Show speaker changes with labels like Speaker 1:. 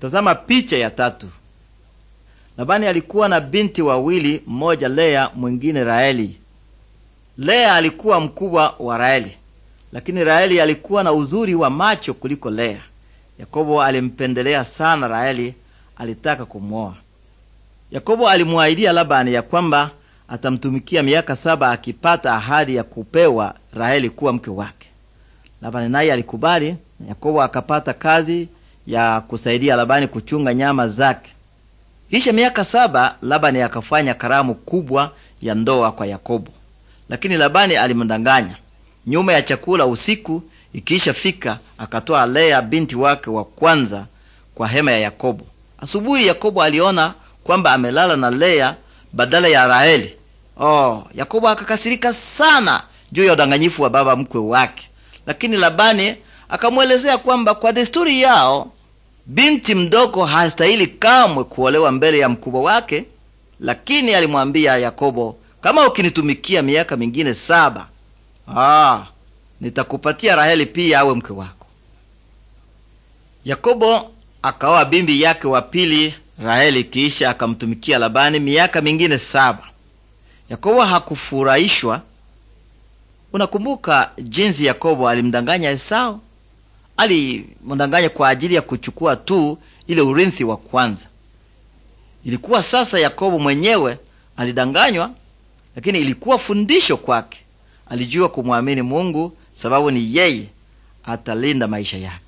Speaker 1: Tazama picha ya tatu. Labani alikuwa na binti wawili, mmoja Lea, mwingine raeli Lea alikuwa mkubwa wa raeli lakini raeli alikuwa na uzuri wa macho kuliko Lea. Yakobo alimpendelea sana raeli alitaka kumwoa. Yakobo alimwahidia Labani ya kwamba atamtumikia miaka saba akipata ahadi ya kupewa Raheli kuwa mke wake. Labani naye alikubali, na Yakobo akapata kazi ya kusaidia Labani kuchunga nyama zake. Kisha miaka saba Labani akafanya karamu kubwa ya ndoa kwa Yakobo, lakini Labani alimdanganya. Nyuma ya chakula usiku fika akatoa Lea binti wake wa kwanza kwa hema ya Yakobo. Asubuhi Yakobo aliona kwamba amelala na Lea badala ya Raheli. Oh, Yakobo akakasirika sana juu ya udanganyifu wa baba mkwe wake, lakini Labani akamwelezea kwamba kwa desturi yao Binti mdogo hastahili kamwe kuolewa mbele ya mkubwa wake, lakini alimwambia Yakobo, kama ukinitumikia miaka mingine saba, ah, nitakupatia Raheli pia awe mke wako. Yakobo akaoa bibi yake wa pili Raheli, kisha akamtumikia Labani miaka mingine saba. Yakobo hakufurahishwa. Unakumbuka jinsi Yakobo alimdanganya Esau? alimdanganya kwa ajili ya kuchukua tu ile urithi wa kwanza. Ilikuwa sasa Yakobo mwenyewe alidanganywa, lakini ilikuwa fundisho kwake. Alijua kumwamini Mungu sababu ni yeye atalinda maisha yake.